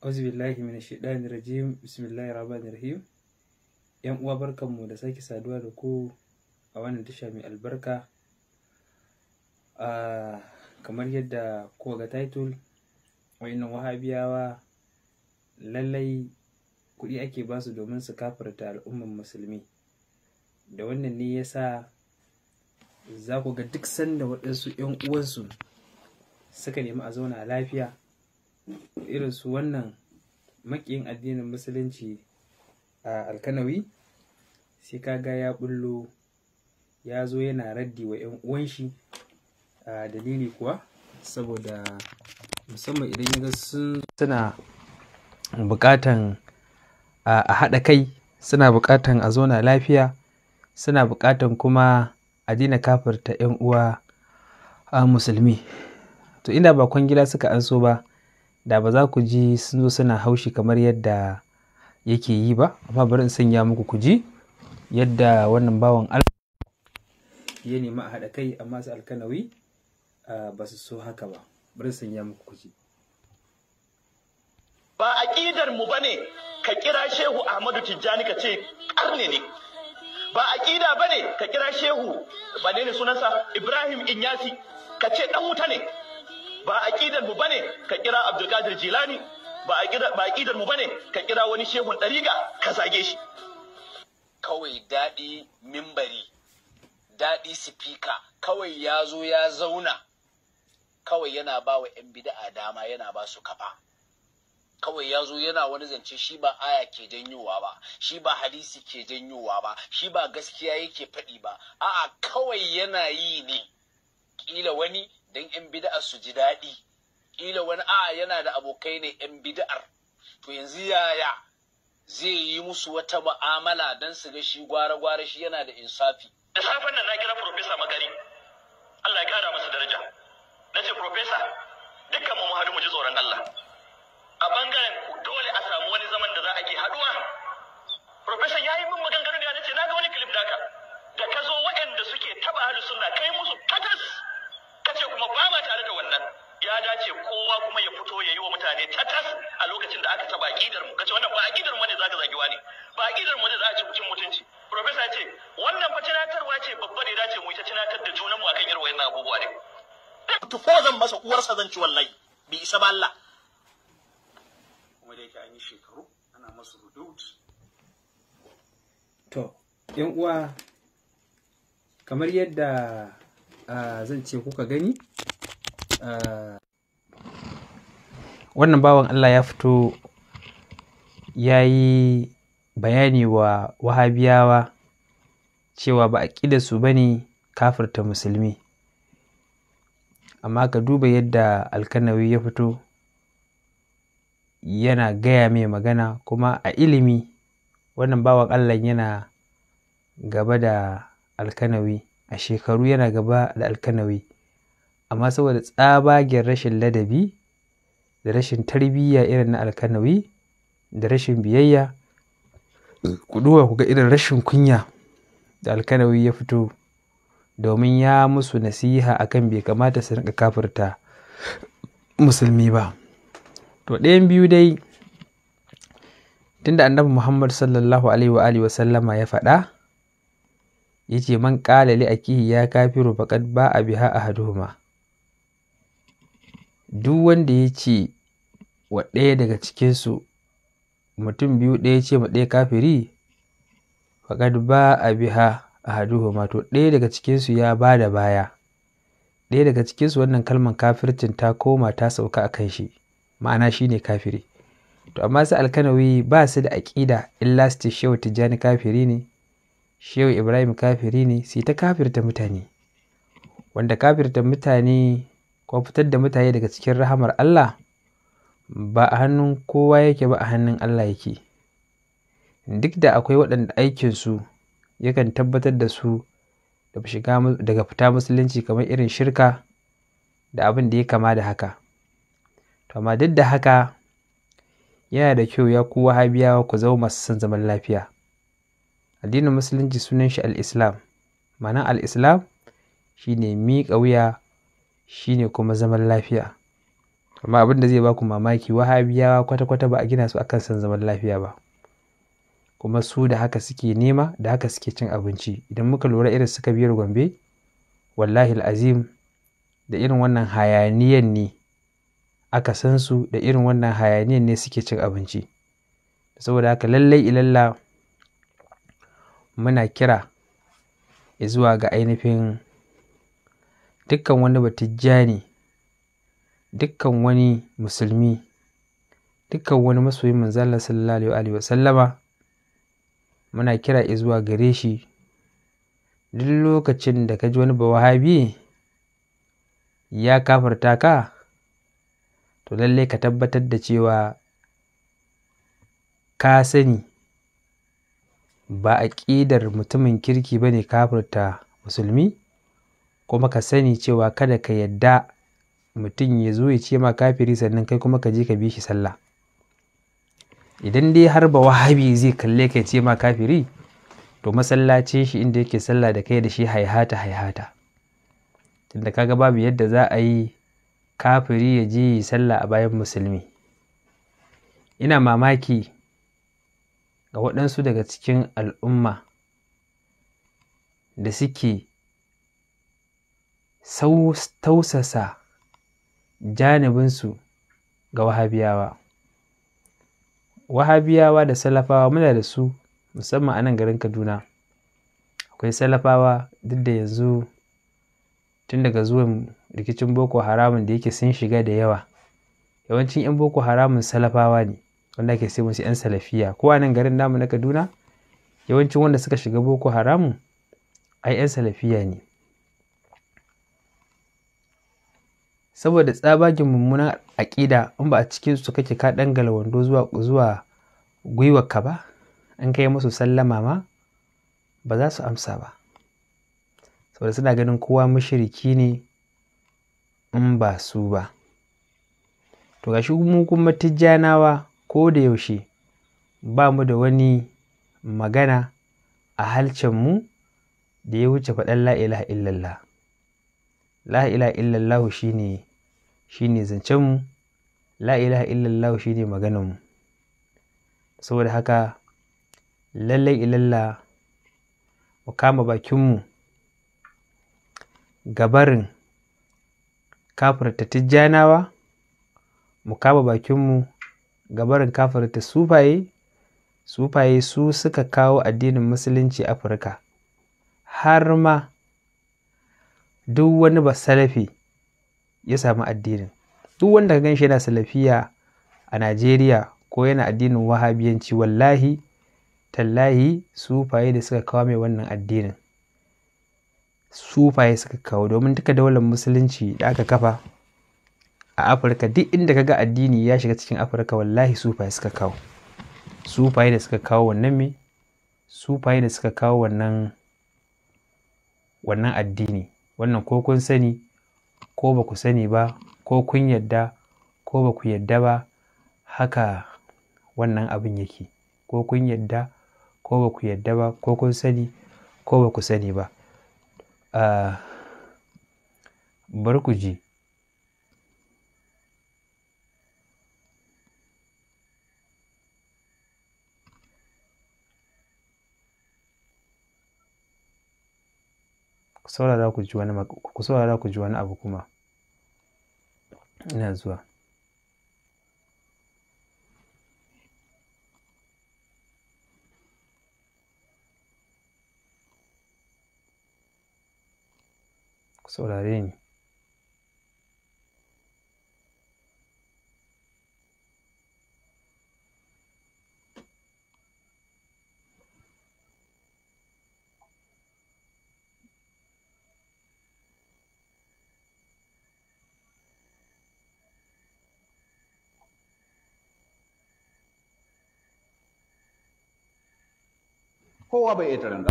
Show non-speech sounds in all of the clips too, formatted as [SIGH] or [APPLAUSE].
auzu billahi min shaitani rajim bismillahir rahmanir rahim yan uwa barkan mu da sake saduwa da ku a wannan tasha mai albarka kamar yadda kuka ga title wayannan wahabiyawa lallai kuɗi ake basu domin su kafarta al'umman musulmi da wannan ne yasa za ku ga duk sanda waɗansu 'yan uwansu suka nemi a zauna lafiya irin su wannan makiyin addinin musulunci a alkanawi sai kaga ya bullo ya zo yana raddi wa 'yan uwan shi a dalili kuwa saboda musamman idan ya ga sun suna bukatan a haɗa kai suna bukatan a zauna lafiya suna bukatan kuma a dina kafarta 'yan uwa a musulmi to inda ba kwangila suka anso ba da ba za ku ji sun zo suna haushi kamar yadda yake yi ba amma bari in sanya muku ku ji yadda wannan bawan Allah ya nemi a haɗa kai amma su alkanawi ba su so haka ba bari in sanya muku ku ji ba aqidar mu bane ka kira shehu Ahmadu Tijjani ka ce karne ne ba aqida bane ka kira shehu ba ne sunansa Ibrahim Inyasi ka ce dan wuta ne ba a ƙidar mu bane ka kira abdulkadir Jilani ba aqidar ba aqidar mu bane ka kira wani shehun dariga ka zage shi kawai daɗi mimbari daɗi sifika kawai ya zo ya zauna kawai yana ba wa 'yan bida'a dama yana ba su kafa kawai ya zo yana wani zance shi ba aya ke janyowa ba shi ba hadisi ke janyowa ba shi ba gaskiya yake faɗi ba a'a kawai yana yi ne ƙila wani don 'yan bida'ar su ji daɗi ƙila wani a yana da abokai ne 'yan bida'ar to yanzu yaya zai yi musu wata mu'amala don su ga shi gwara-gwara shi yana da insafi da safen nan na kira profesa magari Allah ya kara masa daraja na ce profesa dukkan mu haɗu mu ji tsoron Allah a bangaren dole a samu wani zaman da za a ke haɗuwa profesa ya yi min maganganu da ya ce na ga wani clip ka. da ka zo waɗanda suke taɓa halin suna kai musu tatas dace kuma ba ma tare da wannan ya dace kowa kuma ya fito ya yi wa mutane tatas a lokacin da aka taba aqidar mu kace wannan ba aqidar mu ne zaka zagi wani ba aqidar mu ne za a ci mutum mutunci professor ce wannan fa tunatarwa ce babba ne dace mu ita tunatar da junanmu akan irin wayannan abubuwa ne to ko zan masa uwarsa zan ci wallahi bi isa ba Allah kuma da yake an yi shekaru ana masu hudud to yan uwa kamar yadda Ah, zan ce kuka gani ah. wannan bawan Allah ya fito ya yi bayani wa wahabiyawa cewa ba a ƙida su ba ne kafirta musulmi amma ka duba yadda alkanawi ya fito yana gaya mai magana kuma a ilimi wannan bawan allah yana gaba da alkanawi a shekaru yana gaba da alkanawi amma saboda tsabagen rashin ladabi da rashin tarbiyya irin na alkanawi da rashin biyayya ku duba ku ga irin rashin kunya da alkanawi ya fito domin ya musu nasiha akan bai kamata su rinka kafirta musulmi ba to ɗayan biyu dai tunda annabi muhammad sallallahu alaihi wa alihi ya faɗa yace man qala li akihi ya kafiru faqad a biha ahaduhuma duk wanda yace wa ɗaya daga cikinsu mutum biyu ɗaya ce ma ɗaya kafiri faqad ba a biha a to ɗaya daga cikinsu ya bada baya ɗaya daga cikinsu wannan kalman kafircin ta koma ta sauka a kan shi ma'ana shine kafiri to amma sai alkanawi ba su da aƙida illa su ce shehu jani kafiri ne shehu ibrahim kafiri ne sai ta kafirta mutane wanda kafirta mutane ko fitar da mutane daga cikin rahamar allah ba a hannun kowa yake ba a hannun allah yake duk da akwai waɗanda aikinsu yakan tabbatar da su daga fita musulunci kamar irin shirka da abin da ya kama da haka to amma duk da haka yana da kyau ya ku wahabiyawa ku zama masu san zaman lafiya addinin musulunci sunan shi al'islam ma'ana al'islam shi ne miƙa wuya shi ne kuma zaman lafiya amma abin da zai baku mamaki wahabiyawa kwata-kwata ba a gina su akan san zaman lafiya ba kuma su da haka suke nema da haka suke cin abinci idan muka lura irin suka biyar gombe wallahi azim da irin wannan hayaniyan ne aka san su da irin wannan hayaniyan ne suke cin abinci saboda haka lallai ilalla muna kira zuwa ga ainihin dukkan wani batijjani, dukkan wani musulmi, dukkan wani masoyin manzala sallallahu alaihi wa sallama muna kira zuwa gare shi duk lokacin da ka ji wani bawahabi ya kafarta ka to lallai ka tabbatar da cewa ka sani ba aƙidar mutumin kirki ba ne kafirta musulmi kuma ka sani cewa kada ka yadda mutum ya zo ya ce ma kafiri sannan kai kuma ka je ka bi shi sallah idan dai har ba wahabi zai kalle ka ce ma kafiri to masallaci shi inda yake sallah da kai da shi haihata haihata tunda kaga babu yadda za a yi kafiri ya je yi sallah a bayan musulmi ina mamaki ga waɗansu daga cikin al'umma da suke tausasa janibinsu ga wahabiyawa wahabiyawa da salafawa muna da su musamman a nan garin kaduna akwai salafawa duk da yanzu tun daga zuwan rikicin boko haramun da yake sun shiga da yawa yawancin 'yan boko haramun salafawa ne wanda ake sai musu 'yan salafiya ko a nan garin namu na kaduna yawancin wanda suka shiga boko haramun ai 'yan salafiya ne saboda tsabagin mummunan aƙida in ba a cikin su kake ka dangala wando zuwa zuwa ka ba an kai musu sallama ma ba za su amsa ba saboda suna ganin kowa mashiriki ne in ba su ba to gashi mu kuma tijjanawa ko da yaushe ba mu da wani magana a mu da ya wuce faɗan la'ilaha illallah. La'ilaha illallah shi ne shi ne zancenmu, la'ilaha illallah shi ne magananmu. Saboda haka lallai illallah, mu kama bakinmu gabarin kafirta tijjanawa mu kama bakinmu gabarin kafirta sufaye sufaye su suka kawo addinin musulunci afirka har ma duk wani ba salafi ya samu addinin duk wanda ka ganshi yana salafiya a najeriya ko yana addinin wahabiyanci wallahi tallahi sufaye da suka kawo mai wannan addinin sufaye suka kawo domin duka daular musulunci da aka kafa a afirka duk inda kaga addini ya shiga cikin afirka wallahi sufaye suka kawo sufaye da suka kawo wannan me sufaye da suka kawo wannan wannan addini wannan ko kun sani ko ba ku sani ba ko kun yadda ko ba ku yadda ba haka wannan abin yake ko kun yadda ko ba ku yadda ba ko kun sani ko ba ku sani ba ah, bar ku ji saurara ku ji wani ku ji wani abu kuma ina zuwa ku saurare ni kowa bai iya taron ba.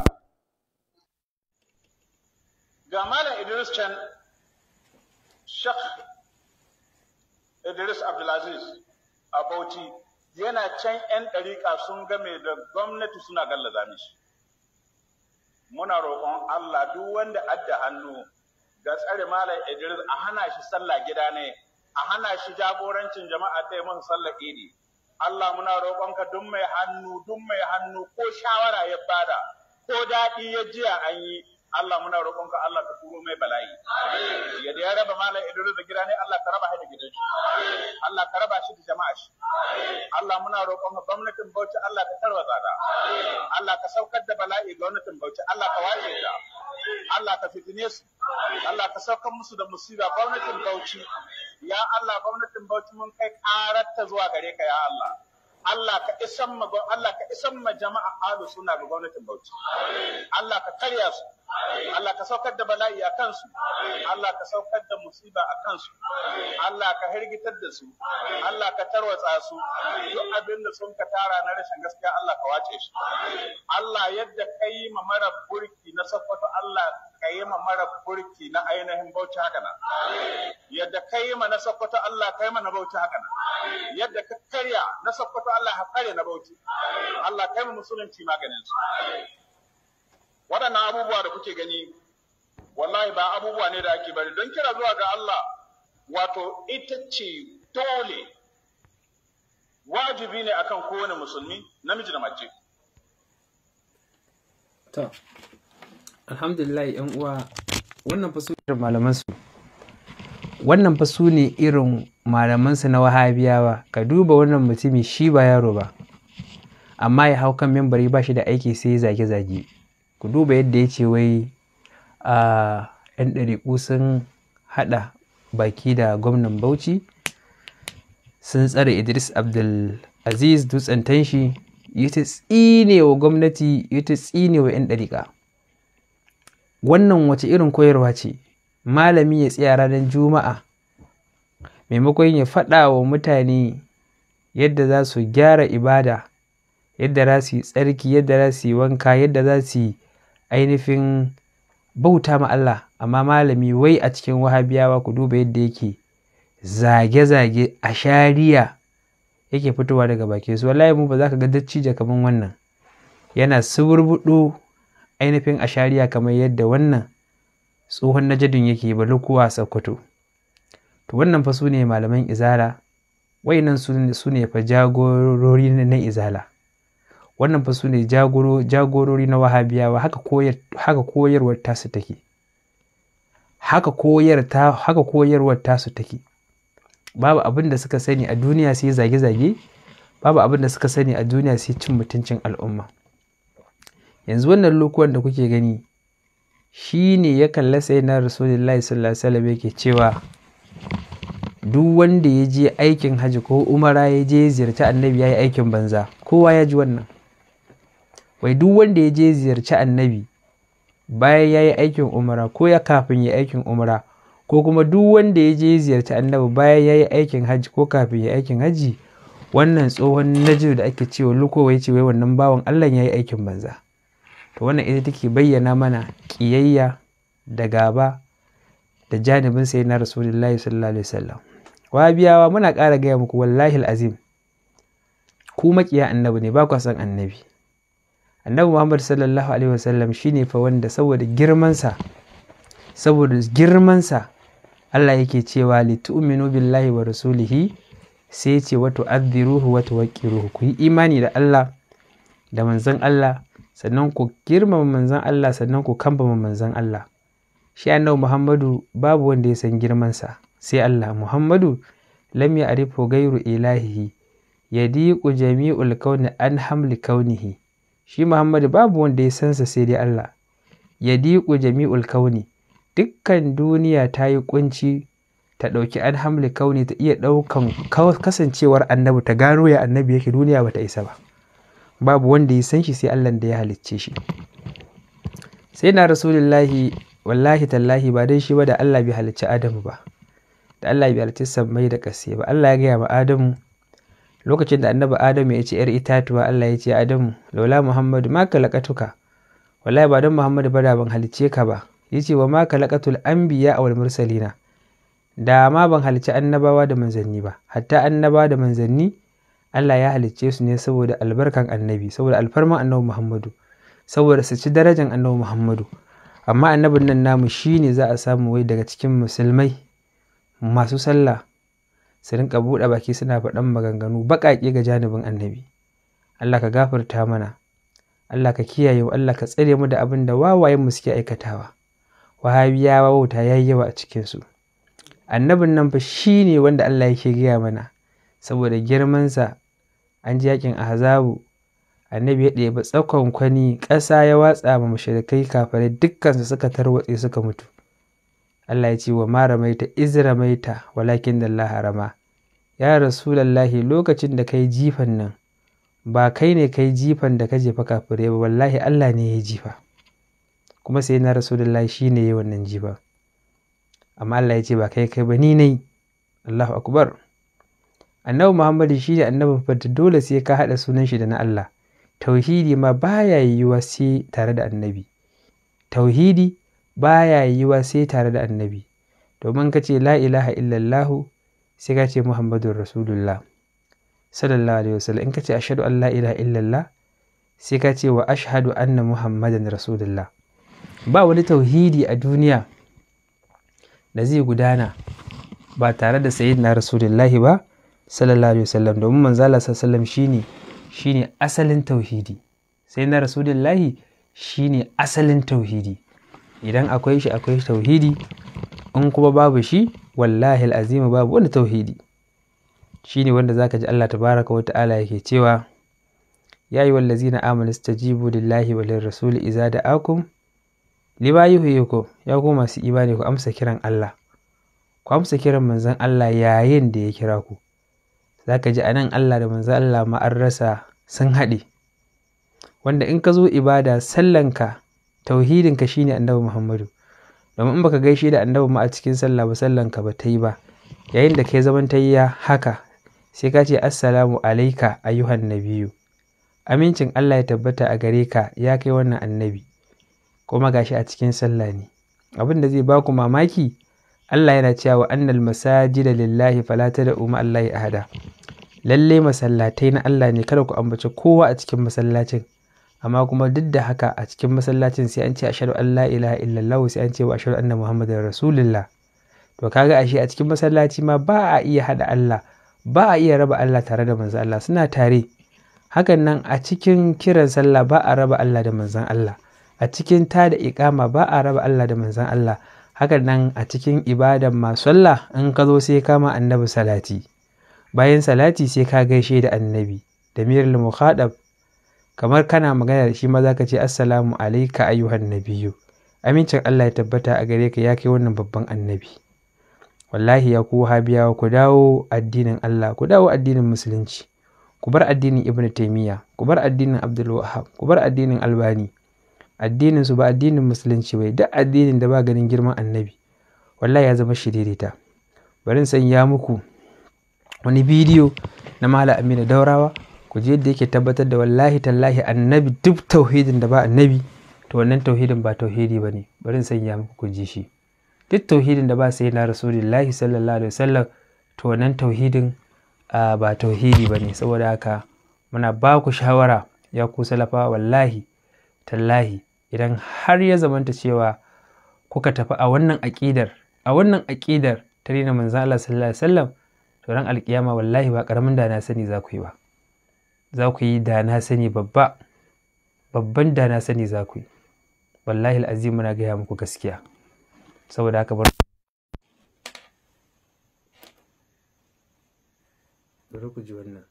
ga malam idris can Sheikh idris abdulaziz a bauchi yana can 'yan ɗariƙa sun game da gwamnati suna gallaza mishi muna roƙon allah duk wanda adda hannu ga tsare malam idris a hana shi sallah gida ne a hana shi jagorancin jama'a ta yi sallah Allah muna roƙonka duk mai hannu duk mai hannu ko shawara ya bada ko daɗi ya jiya an yi Allah muna roƙonka Allah ka turo mai bala'i ya da ya raba malam Idris da gida ne Allah ka raba shi da gidan shi Allah ka raba shi da jama'a shi Allah muna roƙonka gwamnatin Bauchi Allah ka tarwatsa ta Allah ka saukar da bala'i gwamnatin Bauchi Allah ka wace ta Allah ka fitine su Allah ka saukar musu da musiba gwamnatin Bauchi ya Allah gwamnatin Bauchi mun kai ta zuwa gare ka ya Allah Allah ka isan ma Allah ka isan ma jama'a alu suna ga gwamnatin Bauchi Allah ka karya su Allah ka saukar da bala'i a kansu Allah ka saukar da musiba a kansu Allah ka hirgitar da su Allah ka tarwatsa su duk abin da sun ka tara na rashin gaskiya Allah ka wace shi Allah yadda kai ma mara burki na sakwato Allah ka yi ma mara burki na ainihin bauchi haka na, yadda ka yi ma na sokoto Allah ka yi ma na bauchi haka na, yadda ka karya na sokoto Allah ka karya na bauchi Allah ka yi ma musulunci maganin su waɗannan abubuwa da kuke gani wallahi ba abubuwa ne da ake bari don kira zuwa ga Allah wato ita ce dole wajibi ne akan kowane musulmi namiji da mace. alhamdulillah yan uwa wannan fa su malaman su wannan fa su ne irin malaman su na wahabiyawa ka duba wannan mutumi shi ba yaro ba amma ya hau kan membari ba shi da aiki sai zage-zage ku duba yadda ya ce wai a yan ɗariƙu sun haɗa baki da gwamnan bauchi sun tsare idris abdul aziz dutsen tanshi ya ta tsine gwamnati ya ta tsine wa yan ɗariƙa wannan wace irin koyarwa ce malami ya tsaya ranar juma'a maimakon ya faɗa wa mutane yadda za su gyara ibada yadda za su yi tsarki yadda za su yi wanka yadda za su yi ainihin bauta ma Allah amma malami wai a cikin wahabiyawa ku duba yadda yake zage-zage a shari'a yake fitowa daga bakin su wallahi mu ba za ka ga dacci kamar wannan yana suburbudu ainihin ashariya kamar yadda wannan tsohon najadin yake ba lukuwa sakkwato to wannan fa su ne malaman izala wayannan su ne fa jagorori na izala wannan fa su ne jagorori na wahabiyawa haka koyarwar tasu take haka koyarwar tasu take babu abin da suka sani a duniya sai zage-zage babu abin da suka sani a duniya sai cin mutuncin al'umma yanzu wannan lokuwan da kuke gani shi ne ya kalla sai na rasulullahi sallallahu alaihi wasallam yake cewa duk wanda ya je aikin haji ko umara ya je ziyarci annabi ya aikin banza kowa ya ji wannan wai duk wanda ya je ziyarci annabi bayan ya aikin umara ko ya kafin ya aikin umara ko kuma duk wanda ya je ziyarci annabi bayan yayi aikin haji ko kafin ya aikin haji wannan tsohon najir da ake cewa luko ce wai wannan bawan allah yayi aikin banza to wannan ita take bayyana mana ƙiyayya da gaba da janibin sai na rasulullahi sallallahu alaihi wasallam biyawa muna ƙara gaya muku wallahi azim ku maƙiya annabi ne ba ku san annabi annabi muhammad sallallahu alaihi wasallam shine fa wanda saboda girmansa saboda girmansa Allah yake cewa litu'minu billahi wa rasulihi sai ce wato azziruhu wa tuwaqqiruhu ku yi imani da Allah da manzon Allah sannan ku girmama manzan Allah sannan ku kambama manzan Allah shi annabi Muhammadu babu wanda ya san girman sa sai Allah Muhammadu lam ya arifu gairu ilahihi yadiqu jami'ul kauni an hamli kaunihi shi Muhammadu babu wanda ya san sa sai dai Allah yadiqu jami'ul kauni dukkan duniya ta yi kunci ta dauki an hamli kauni ta iya daukan kasancewar annabi ta gano ya annabi yake duniya bata isa ba babu wanda ya san shi sai Allah da ya halicce shi sai na rasulullahi wallahi tallahi ba dan shi ba da Allah bai halicci Adamu ba da Allah bai halicci sammai da ƙasa ba Allah ya gaya ma Adamu lokacin da annabi Adamu ya ce ‘yar itatuwa Allah ya ce Adamu laula Muhammadu ma kalakatuka wallahi ba don Muhammadu ba da ban halicce ka ba yace wa ma kalakatul anbiya wal mursalina da ma ban halicci annabawa da manzanni ba hatta annabawa da manzanni Allah ya halicce su ne saboda albarkan annabi saboda alfarman annabi Muhammadu saboda su ci darajan annabi Muhammadu amma annabin nan namu shine za a samu wai daga cikin musulmai masu sallah su rinka buɗe baki suna faɗan maganganu baƙaƙe ga janibin annabi Allah ka gafarta mana Allah ka kiyaye mu Allah ka tsare mu da abin da wawayen mu suke aikatawa wahabiyawa wauta yayi yawa a cikin su annabin nan fa shine wanda Allah yake gaya mana saboda girman sa, an ji yakin ahzabu annabi ya ɗebi tsakon kwani ƙasa ya watsa ma mashirikai dukkan su suka tarwatse suka mutu Allah ya ce wa maramai ta iz ta walakin da harama ya rasulallahi lokacin da kai jifan nan ba kai ne kai jifan da ka jefa kafare ba wallahi Allah ne ya jifa kuma sai na rasulullahi shine ne yi wannan jifa amma Allah ya ce ba kai kai ba ni ne Allahu akbar annabi muhammadu shi ne annabin fadda dole sai ka haɗa sunan shi da na Allah tauhidi ma baya yiwuwa sai tare da annabi tauhidi baya yiwuwa sai tare da annabi domin ka ce la ilaha illallahu sai ka ce muhammadun rasulullah sallallahu alaihi wasallam in ka ce ashhadu an la ilaha illallah sai ka ce wa ashhadu anna muhammadan rasulullah ba wani tauhidi a duniya da zai gudana ba tare da sayyidina rasulullahi ba sallallahu alaihi wasallam domin manzo Allah sallallahu shine shine asalin tauhidi sai na rasulullahi shine asalin tauhidi idan akwai shi akwai tauhidi in kuma babu shi wallahi al'azim babu wani tauhidi shine wanda zaka ji Allah tabaraka wa ta'ala yake cewa ya yi wallazina amanu istajibu lillahi wa lirrasuli iza da'akum Liba yuhyikum ya ku masu imani ku amsa kiran Allah ku amsa kiran manzon Allah yayin da ya kira ku za ka ji a nan Allah da manzo Allah ma'arrasa an rasa sun haɗe wanda in ka zo ibada sallanka tauhidinka shine annabi Muhammadu domin in baka gaishe da annabi ma a cikin sallah ba sallanka ba ta yi ba yayin da kai zaman tayya haka sai ka ce assalamu alaika ayyuhan nabiyu amincin Allah ya tabbata a gare ka ya kai wannan annabi kuma gashi a cikin sallah ne abin da zai baku mamaki Allah yana cewa wa annal masajida lillahi fala tad'u ma Allahi ahada lalle masallatai na Allah ne kada ku ambaci kowa a cikin masallacin amma kuma duk da haka a cikin masallacin sai an ce ashhadu an la ilaha illallah sai an ce wa ashhadu anna muhammadar rasulullah to kaga ashe a cikin masallaci ma ba a iya hada Allah ba a iya raba Allah tare da manzon Allah suna tare hakan nan a cikin kiran sallah ba a raba Allah da manzon Allah a cikin tada iqama ba a raba Allah da manzon Allah hakan nan a cikin ibadan masu sallah in ka zo sai kama annabi salati bayan salati sai ka gaishe da annabi da miyar mukhadab kamar kana magana da shi ma ka ce assalamu alaika ayyuhan nabiyyu amincin Allah ya tabbata a gare ka ya kai wannan babban annabi wallahi ya ku habiyawa ku dawo addinin Allah ku dawo addinin musulunci ku bar addinin Ibn Taimiyya, ku bar addinin abdul ku bar addinin albani addinin su ba addinin musulunci bai duk addinin da ba ganin girman annabi wallahi ya zama shiririta bari san sanya muku wani bidiyo na mala amina daurawa ku ji yadda yake tabbatar da wallahi tallahi annabi duk tauhidin da ba annabi to wannan tauhidin ba tauhidi bane. bari san sanya muku ku ji shi duk tauhidin da ba sai na rasulullahi sallallahu alaihi wasallam to wannan tauhidin ba tauhidi bane saboda haka muna ba ku shawara ya ku salafa wallahi tallahi idan har ya zamanta cewa kuka tafi a wannan aƙidar a wannan aƙidar ta rina manzo Allah sallallahu alaihi wasallam to ran alƙiyama wallahi ba karamin da na sani za ku yi ba za ku yi da na sani babba babban da na sani za ku yi wallahi al'azim muna gaya muku gaskiya saboda haka bar bari ku ji wannan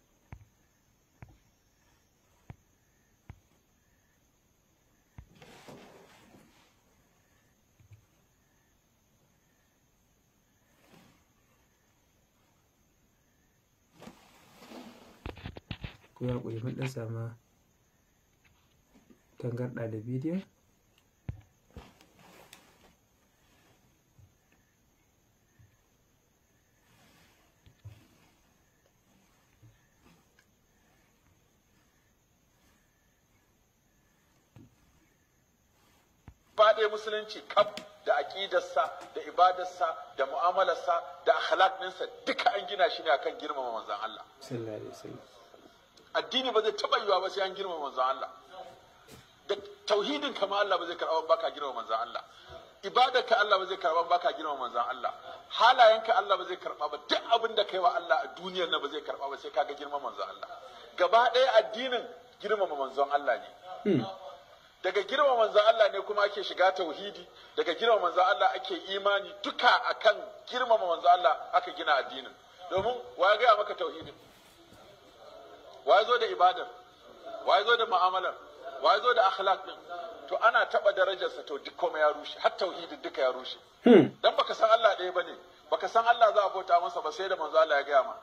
ku yi haƙuri mun ɗan sama tangarɗa da bidiyon faɗe musulunci kaf da aƙidarsa da ibadarsa da mu'amalarsa da akhlaq ɗinsa duka an gina shi ne akan girmama manzon Allah sallallahu alaihi wasallam addini ba zai taɓa yiwa ba sai an girma manzon Allah da tauhidin kama Allah ba zai karɓa ba ka girma manzon Allah ibadar ka Allah ba zai karɓa ba ka girma manzon Allah halayen ka Allah ba zai karɓa ba duk abin da kai wa Allah a duniyar nan ba zai karɓa ba sai ka ga girma manzon Allah gaba ɗaya addinin girmama manzon Allah ne hmm. daga girma manzon Allah ne kuma ake shiga tauhidi daga girma manzon Allah ake imani duka akan girmama manzon Allah aka gina addinin domin wa ga maka tauhidin wai zo da ibadar wai zo da mu'amalar wai zo da akhlaq din to ana taba darajarsa to duk komai ya rushe har tauhidin duka ya rushe hmm. dan baka san Allah ɗaya bane baka san Allah za a bauta masa ba sai da manzo Allah ya gaya ma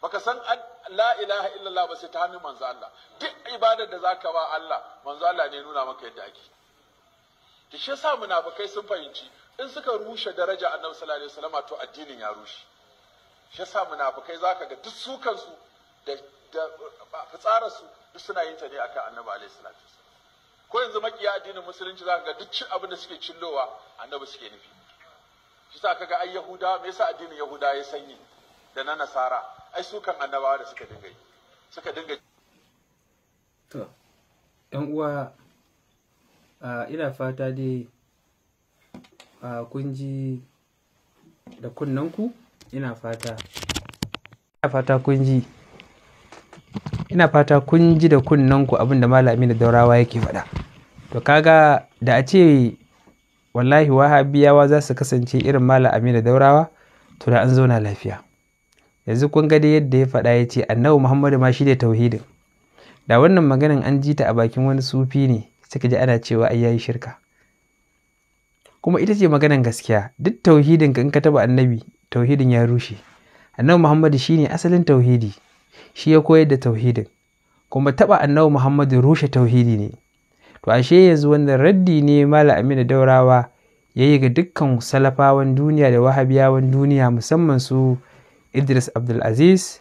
baka san la ilaha illallah ba sai ta hannun manzo Allah duk ibadar da zaka ba Allah manzo Allah ne nuna maka yadda ake to shi yasa munafikai sun fahimci in suka rushe daraja annabi sallallahu alaihi wasallam to addinin ya rushe shi yasa munafikai zaka ga duk su kansu da da fitsararsu duk suna yin ta ne akan annabi alaihi salatu ko yanzu makiya addinin musulunci zaka ga duk cin abin da suke cillowa annabi suke nufi shi sa kaga ai yahuda me yasa addinin yahuda ya sanyi da na nasara ai su kan annabawa da suka dinga yi suka dinga to uwa ina fata dai kun ji da kunnanku ina fata ina fata kun ji ina fata kun ji da kunnanku abin da malami da daurawa yake faɗa to kaga da a ce wallahi wahabiyawa za su kasance irin malami da daurawa to da an zauna lafiya yanzu kun ga dai yadda ya faɗa ya ce annabi muhammadu ma shi ne tauhidin da wannan maganin an ji ta a bakin wani sufi ne suka ji ana cewa ai yayi shirka kuma ita ce maganan gaskiya duk tauhidin ka in ka taba annabi tauhidin ya rushe annabi muhammadu shine asalin tauhidi shi ya koyar da tauhidin kuma taɓa annabi muhammadu rushe tauhidi ne to ashe yanzu wannan raddi ne mala amina daurawa ya yi ga dukkan salafawan duniya da wahabiyawan duniya musamman su idris abdulaziz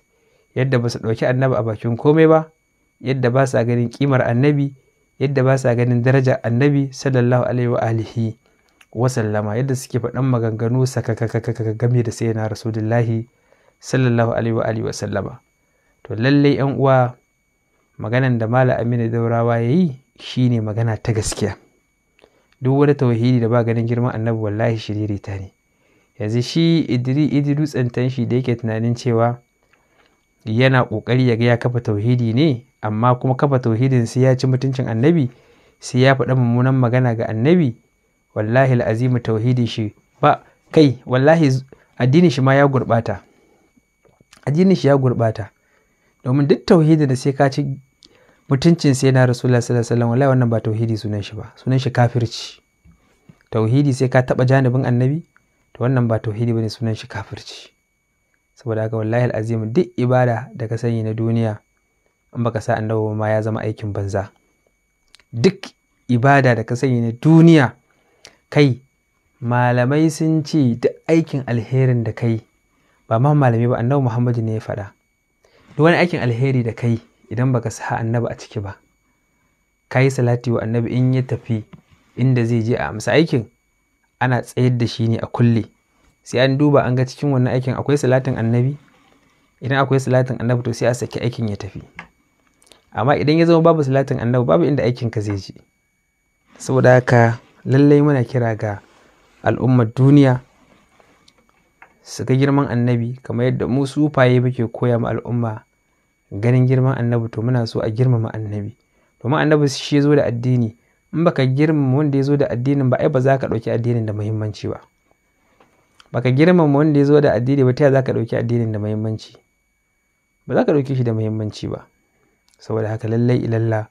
yadda ba su ɗauki annabi a bakin komai ba yadda ba sa ganin ƙimar annabi yadda ba sa ganin darajar annabi sallallahu alaihi wa alihi wa sallama yadda suke faɗan maganganu sakakakakaka game da sayyidina rasulullahi sallallahu alaihi wa alihi wa sallama to lallai yan uwa maganan da mala aminu daurawa ya yi shi ne magana ta gaskiya duk wani tauhidi da ba ganin girman annabi wallahi shiriri ta ne yanzu shi idiri idiri shi da yake tunanin cewa yana ƙoƙari ya ga ya kafa tauhidi ne amma kuma kafa tauhidin sai ya ci mutuncin annabi sai ya faɗa mummunan magana ga annabi wallahi al'azimu tauhidin shi ba kai wallahi addinin shi ma ya gurbata addinin shi ya gurɓata domin duk tauhidi da sai ka ci mutuncin sai na rasulullah sallallahu alaihi wasallam wannan ba tauhidi sunan shi ba sunan shi kafirci tauhidi sai ka taba janibin annabi to wannan ba tauhidi bane sunan shi kafirci saboda haka wallahi alazim duk ibada da ka sani na duniya in baka sa annabi ma ya zama aikin banza duk ibada da ka sani na duniya kai malamai sun ce duk aikin alherin da kai ba ma malami ba annabi muhammadu ne ya faɗa duk wani aikin alheri da kai idan baka sa annabi a ciki ba ka salati wa annabi in ya tafi inda zai je a amsa aikin ana tsayar da shi ne a kulle sai an duba an ga cikin wannan aikin akwai salatin annabi idan akwai salatin annabi to sai a saki aikin ya tafi amma idan ya zama babu salatin annabi babu inda aikin ka zai je saboda haka lallai muna kira ga al'ummar duniya su ga girman annabi kamar yadda mu sufaye muke koya ma al'umma ganin girman annabi to muna so a girmama annabi domin annabi shi zo da addini in baka girmama wanda ya zo da addinin ba ai ba za ka ɗauki addinin da muhimmanci ba baka girmama wanda ya zo da addini ba ta za ka ɗauki addinin da muhimmanci ba za ka dauki shi da muhimmanci ba saboda haka lallai ilalla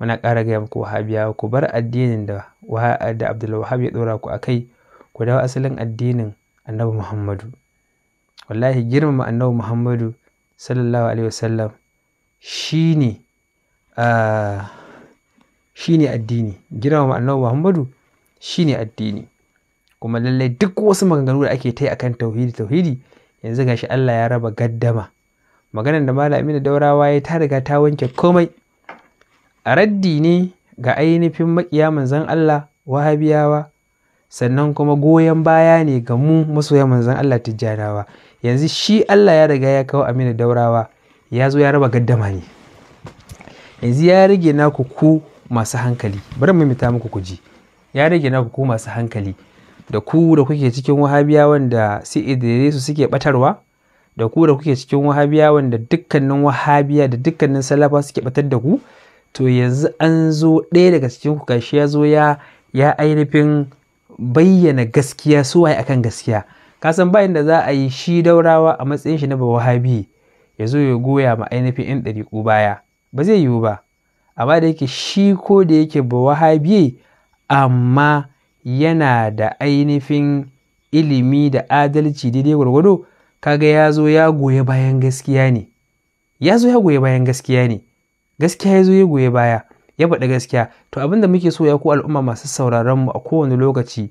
muna ƙara gaya muku wahabiya ku bar addinin da da abdulwahab ya ɗora ku a kai ku dawo asalin addinin annabi muhammadu wallahi girmama annabi muhammadu sallallahu alaihi wasallam shine ah, shine addini girmama annabi Muhammadu shine addini kuma lallai duk wasu maganganu da ake ta yi akan tauhidi tauhidi yanzu gashi Allah ya raba gaddama maganar da Malam Aminu Daurawa ya ta riga ta wanke komai a raddi ne ga ainihin makiya manzon Allah wahabiyawa sannan kuma goyon baya ne ga mu masoya manzon Allah tijjanawa yanzu shi Allah ya riga ya kawo Aminu Daurawa ya zo ya raba gaddama ne yanzu ya rage naku ku masu hankali bari mu mita muku kuji ya rage naku ku masu hankali da ku da kuke cikin wahabiya wanda su idrisu suke batarwa da ku da kuke cikin wahabiya wanda dukkanin wahabiya da dukkanin salafa suke batar da ku to yanzu an zo ɗaya daga cikin ku kashi ya zo ya ya ainihin bayyana gaskiya su waye akan gaskiya kasan ba da za a yi shi daurawa a matsayin shi na wahabi ya zo ya goya ma ainihin 'yan ɗariƙu baya ba zai yiwu ba amma da yake shi ko da yake ba wahabi amma yana da ainihin ilimi da adalci daidai gwargwado kaga ya zo ya goya bayan gaskiya ne ya zo ya goya bayan gaskiya ne gaskiya ya zo ya goya baya ya faɗi gaskiya to abinda muke so ya ku al'umma masu sauraron mu a kowane lokaci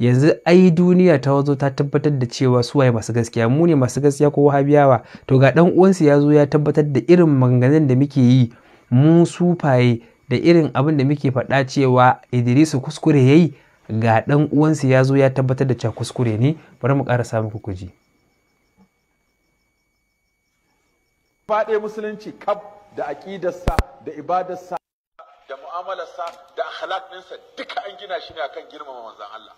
yanzu ai duniya ta wazo ta tabbatar da cewa su waye masu gaskiya mu ne masu gaskiya ko wahabiyawa to ga dan uwansu ya zo ya tabbatar da irin maganganun da muke yi mu sufaye da irin abin da muke faɗa cewa Idrisu kuskure yayi ga dan uwansu ya zo ya tabbatar da cewa kuskure ne bari mu ƙara samun kuji faɗe musulunci kab da aƙidarsa da ibadarsa da mu'amalarsa da akhlaq ɗinsa duka an gina shi ne akan girmama manzon Allah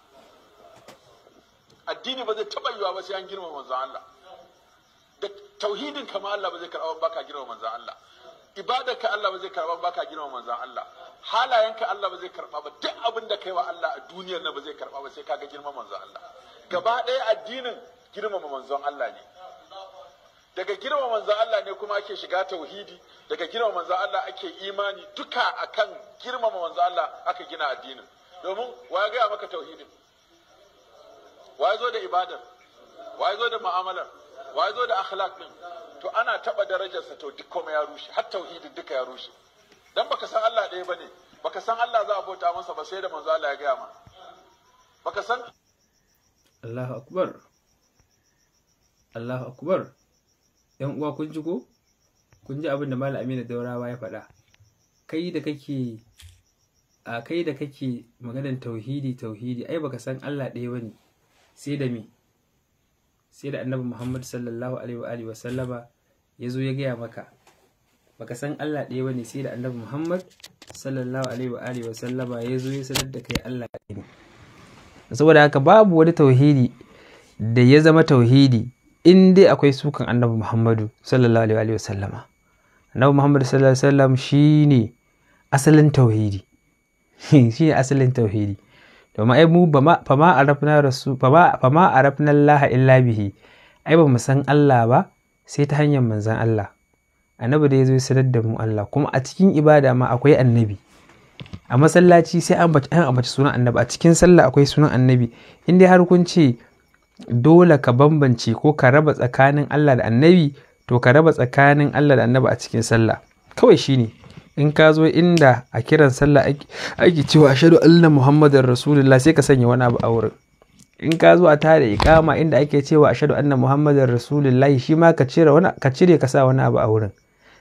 addini ba zai taɓa yiwa ba sai an girma manzan Allah da tauhidin kama Allah ba zai karɓa ba ka girma manzan Allah ibadar ka Allah ba zai karɓa ba ka girma manzan Allah halayen ka Allah ba zai karɓa ba duk abin da kai wa Allah a duniyar nan ba zai karɓa ba sai ka ga girma manzan Allah gaba ɗaya addinin girmama manzon Allah ne daga girma manzan Allah ne kuma ake shiga tauhidi daga girma manzan Allah ake imani duka akan girmama manzan Allah aka gina addinin domin wa ya gaya maka tauhidin wai zo da ibadar wai zo da mu'amalar wai zo da akhlaq din to ana taba darajarsa to duk komai ya rushe har tauhidi duka ya rushe dan baka san Allah ɗaya bane baka san Allah za a bauta masa ba sai da manzo Allah ya gaya ma baka san Allahu akbar Allahu akbar yan uwa kun ji ko kun ji abin da Malam Aminu Daurawa ya faɗa kai da kake a kai da kake maganar tauhidi tauhidi ai baka san Allah ɗaya bane sai da mi sai da annabi muhammad sallallahu alaihi wa sallama ya zo ya gaya maka baka san allah ɗaya ba ne sai da annabi muhammad sallallahu alaihi wa sallama ya zo ya sanar da kai allah ɗaya ne saboda haka babu wani tauhidi da ya zama tauhidi in dai akwai sukan annabi muhammadu sallallahu alaihi wa sallama annabi muhammadu sallallahu alaihi wa sallam shine asalin tauhidi [LAUGHS] shine asalin tauhidi domin ai mu fama arafna rasu arafna illa bihi ai ba mu san Allah ba sai ta hanyar manzan Allah annabi da ya zo sanar da mu Allah kuma a cikin ibada ma akwai annabi a masallaci sai an baci an ambaci sunan annabi a cikin sallah akwai sunan annabi in dai har kun ce dole ka bambance ko ka raba tsakanin Allah da annabi to ka raba tsakanin Allah da annabi a cikin sallah kawai shine in ka zo inda a kiran sallah ake cewa ashhadu anna Muhammadun rasulullah sai ka sanya wani abu a wurin in ka zo a tare ikama inda ake cewa ashhadu anna muhammadar rasulullah shi ma ka cire wani ka cire ka sa wani abu a wurin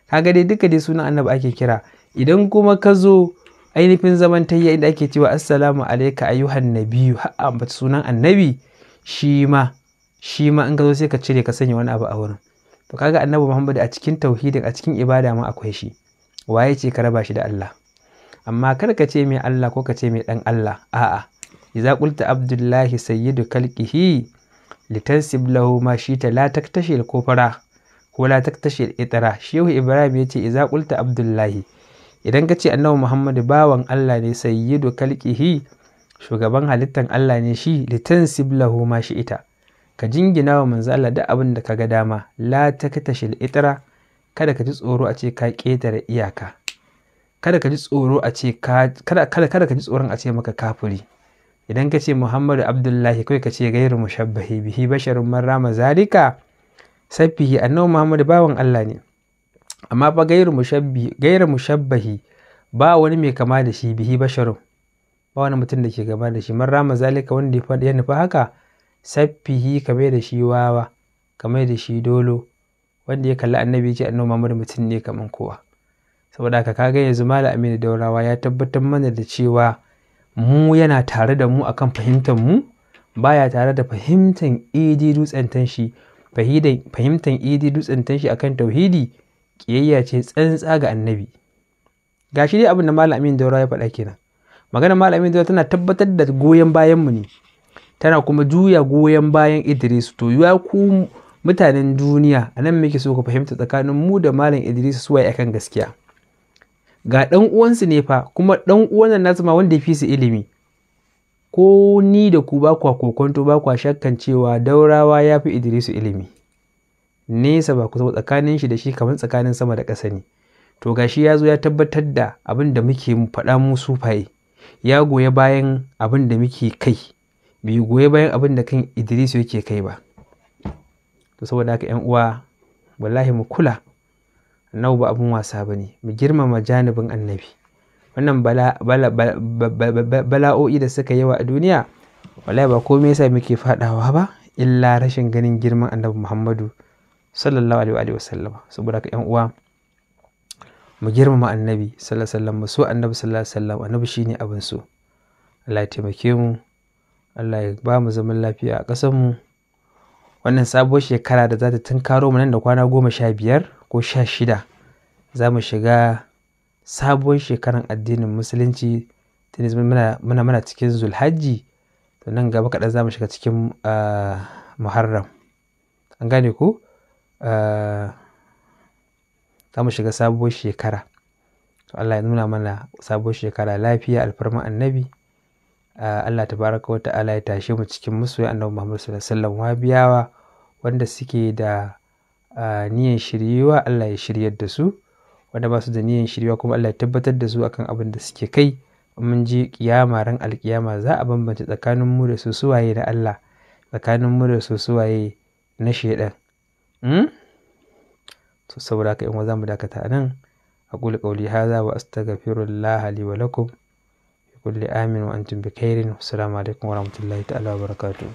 kaga dai duka dai sunan annabi ake kira idan kuma ka zo ainihin zaman tayya inda ake cewa assalamu alayka ayyuhan nabiyyu har sunan annabi shi ma shi ma in ka zo sai ka cire ka sanya wani abu a wurin to kaga annabi Muhammadu a cikin tauhidin a cikin ibada ma akwai shi waye ce ka raba shi da Allah amma kar ka ce mai Allah ko ka ce mai ɗan Allah a'a izakulta qulta abdullahi sayyidu khalqihi litansib lahu ma ta la taktashi al ko la taktashi al-itra shehu ibrahim yace iza qulta abdullahi idan ka ce annabi muhammadu bawan Allah ne sayyidu khalqihi shugaban halittan Allah ne shi litansib lahu ma ita. ka jingina wa manzo Allah duk abin da ka ga dama la taktashi al-itra kada ka ji tsoro a ce ka ƙetare iyaka kada ka ji tsoro a ce ka kada kada ka ji tsoron a ce maka kafiri idan ka ce Muhammadu Abdullahi kai ka ce gairu mushabbahi bihi basharun marra zalika safihi annabi Muhammadu bawan Allah ne amma fa gairu mushabbi gairu mushabbahi ba wani mai kama da shi bihi basharun ba wani mutum da ke gaba da shi marra zalika wanda ya ya nufa haka safihi kamar da shi wawa kamar da shi dolo wanda ya kalli annabi ya ce annabi Muhammad mutum ne kamar kowa saboda haka kaga yanzu malam Aminu Daurawa ya tabbatar mana da cewa mu yana tare da mu akan fahimtar mu baya tare da fahimtar idi dutsen tanshi fahimtar idi dutsen tanshi akan tauhidi kiyayya ce tsantsa ga annabi gashi dai abin da malam Aminu Daurawa ya faɗa kenan magana malam Aminu Daurawa tana tabbatar da goyon bayan mu ne tana kuma juya goyon bayan Idris to ya ku mutanen duniya a nan muke so ku fahimta tsakanin mu da malam idris suwaye akan gaskiya ga ɗan uwansu ne fa kuma ɗan uwan nasu ma wanda ya fi su ilimi ko ni da ku ba kwa kokonto ba kwa shakkan cewa daurawa ya fi idrisu ilimi nesa ba kusa tsakanin shi da shi kamar tsakanin sama da ƙasa ne to gashi ya zo ya tabbatar da abin da muke faɗa mu faye, ya goya bayan abin da muke kai bai goya bayan abin da kan idrisu yake kai ba to saboda haka yan uwa wallahi mu kula annabi ba abun wasa bane mu girmama janibin annabi wannan bala'o'i da suka yawa a duniya wallahi ba me yasa muke fadawa ba illa rashin ganin girman annabi Muhammadu sallallahu alaihi wa sallam saboda haka yan uwa mu girmama annabi sallallahu alaihi sallam mu so annabi sallallahu alaihi sallam annabi shine abin so Allah ya taimake mu Allah ya ba mu zaman lafiya a ƙasar mu wannan sabuwar shekara da za ta karo mu nan da kwana goma sha biyar ko sha shida za mu shiga sabuwar shekaran addinin musulunci tunis muna muna cikin zulhajji to nan gaba kaɗan za mu shiga cikin ah, muharram an gane ku ah, za mu shiga sabuwar shekara to allah ya nuna mana sabuwar shekara lafiya alfarma annabi Ah, Allah baraka wata ala ya tashe mu cikin musu annabi Muhammad sallallahu alaihi wasallam wanda suke da ah, niyan shiryewa Allah ya shiryar da su wanda ba su da niyan shiryewa kuma Allah ya tabbatar da su akan abin da suke kai mun ji kiyama ran alkiyama za a bambance tsakanin mu da su suwaye na Allah tsakanin mu da su suwaye na shaidan hmm? to saboda haka in wa za mu dakata nan aqulu qawli hadha wa astaghfirullah li wa lakum kulli amin wa antum bi khairin assalamu alaikum warahmatullahi ta'ala wa